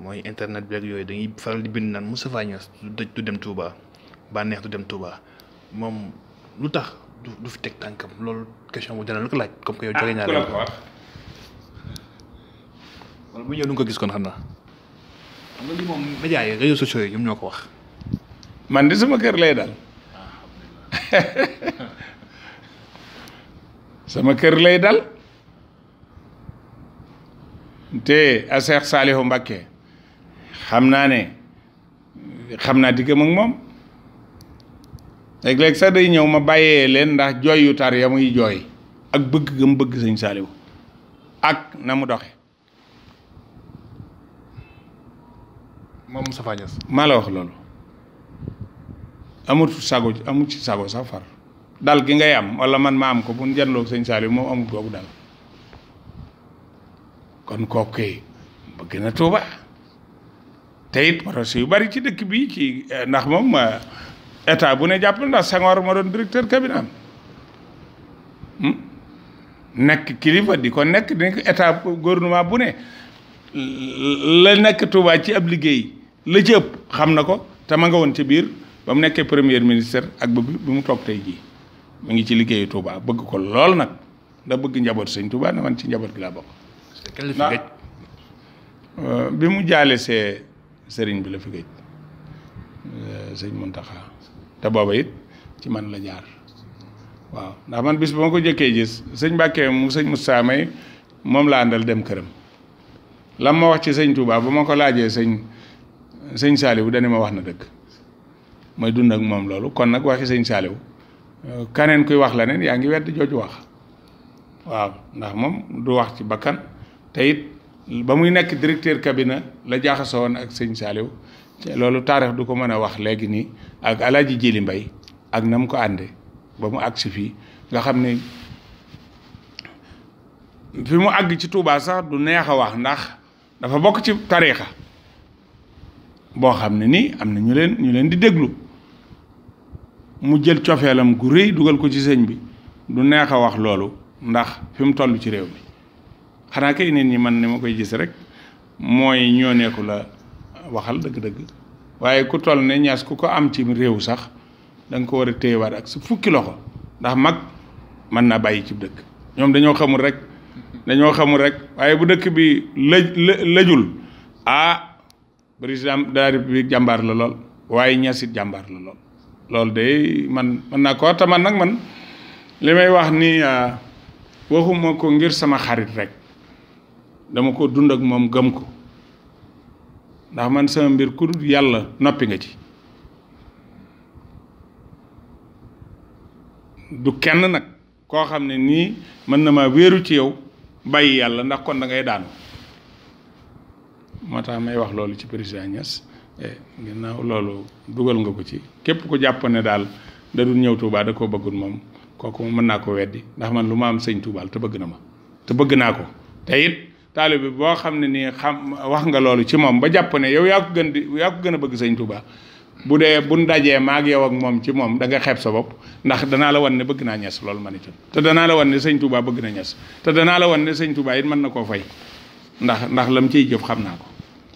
mooy internet bi rek yooyu dañuy faral di bind naan Moustapha Niass du dem Touba bànneex du dem Touba moom lu tax du fi teg tànkam loolu question bu dana la ko laaj. comme que yow jóge ah, ñaar wala bu ñëw du ko gis kon xam naa. xam ñoo ko wax. man di sama kër lay dal. sama kër lay dal. te a Seex Saalihu Mbàkke xam naa ne xam naa diggam ak moom léeg-léeg sax day ñëw ma bàyyee leen ndax jooy yu tar ya muy jooy ak bëgg gëm bëgg sëñ Saaliw ak na mu doxe moom Moustapha Niass maa la wax loolu amut sago amut ci sago sax far dal gi ngay am wala man ma am ko bu nu janloog sëñ Saaliw moom amut googu dal kon kooku bëgg na Tuuba te it projet yu bari ci dëkk bi ci eh, ndax moom eh, état bu ne jàppal ndax Senghor ma doon directeur cabinet am hmm? nekk kilifa di ko nekk di nekk état gouvernement bu ne la nekk Touba ci ab liggéey la ci ëpp xam na ko te ma nga woon ci biir ba mu nekkee premier ministre ak bi mu toog tey jii mu ngi ci liggéeyu Touba bëgg ko lool nag da bëgg njaboot sëñ Touba na man ci njaboot gi laa bokk. Euh, bi mu jaale see sëriñ bi la fi gëj euh, sëñ Muntaxa te booba it ci man la jaar waaw ndax man bis ba ma ko jëkkee gis sëñ Mbàkke mu sëñ Moussa may moom laa àndal dem këram lam ma wax ci sëñ Touba ba ma ko laajee sëñ sëñ Saaliw dani ma wax na dëkk may dund ak moom loolu kon nag waxi sëñ Saaliw euh, kaneen kuy wax la neen yaa ngi wedd jooju wax waaw ndax moom du wax ci bakkan te it ba muy nekk directeur cabinet la jaaxasoo ak sëñ Saaliw loolu taarix du ko mën a wax léegi nii ak alaaji Jili Mbay ak na mu ko ànde ba mu àgg si fii nga xam ne fi mu àgg ci Touba sax du neex a wax ndax dafa bokk ci tariixa boo xam ne nii am na ñu leen ñu leen di déglu mu jël cofeelam gu rëy dugal ko ci sëñ bi du neex a wax loolu ndax fi mu toll ci réew mi xanaa kay nit ñi man ni ma koy gis rek mooy ñoo neeku la waxal dëgg-dëgg waaye ku toll ne ñaas ku ko am ci réew sax danga ko war a téyewaat ak su fukki loxo ndax mag mën naa bàyyi ci dëkk ñoom dañoo xamul rek dañoo xamul rek waaye bu dëkk bi lëj lëjul ah président de la jàmbaar la lool waaye ñaas jàmbaar la lool loolu de man man naa ko te man nag man li may wax ni ah, waxuma ko ngir sama xarit rek dama ko dund ak moom gëm ko ndax man sama mbir ku dul yàlla noppi nga ci du kenn nag koo xam ne nii mën na maa wéeru ci yow bàyyi yàlla ndax kon da ngay daanu moo tax may wax loolu ci président ñas e, ginnaaw loolu dugal nga ko ci képp ku jàpp ne daal da dul ñëw Touba da koo bëggul moom kooku mën naa ko weddi ndax man lu ma am sëñ Touba te bëgg na ma te bëgg naa ko te taalibe bi boo xam ne nii xam wax nga loolu ci moom ba jàpp ne yow yaa ko gën di yaa ko gën a bëgg sëñ Touba bu dee bu dajee maag yow ak moom ci moom da nga xeeb sa bopp ndax danaa la wan ne bëgg naa ñes loolu man itam te danaa la wan ne sëñ Touba bëgg na ñes te danaa la wan ne sëñ Touba it mën na koo fay ndax ndax la mu ciy jëf xam naa ko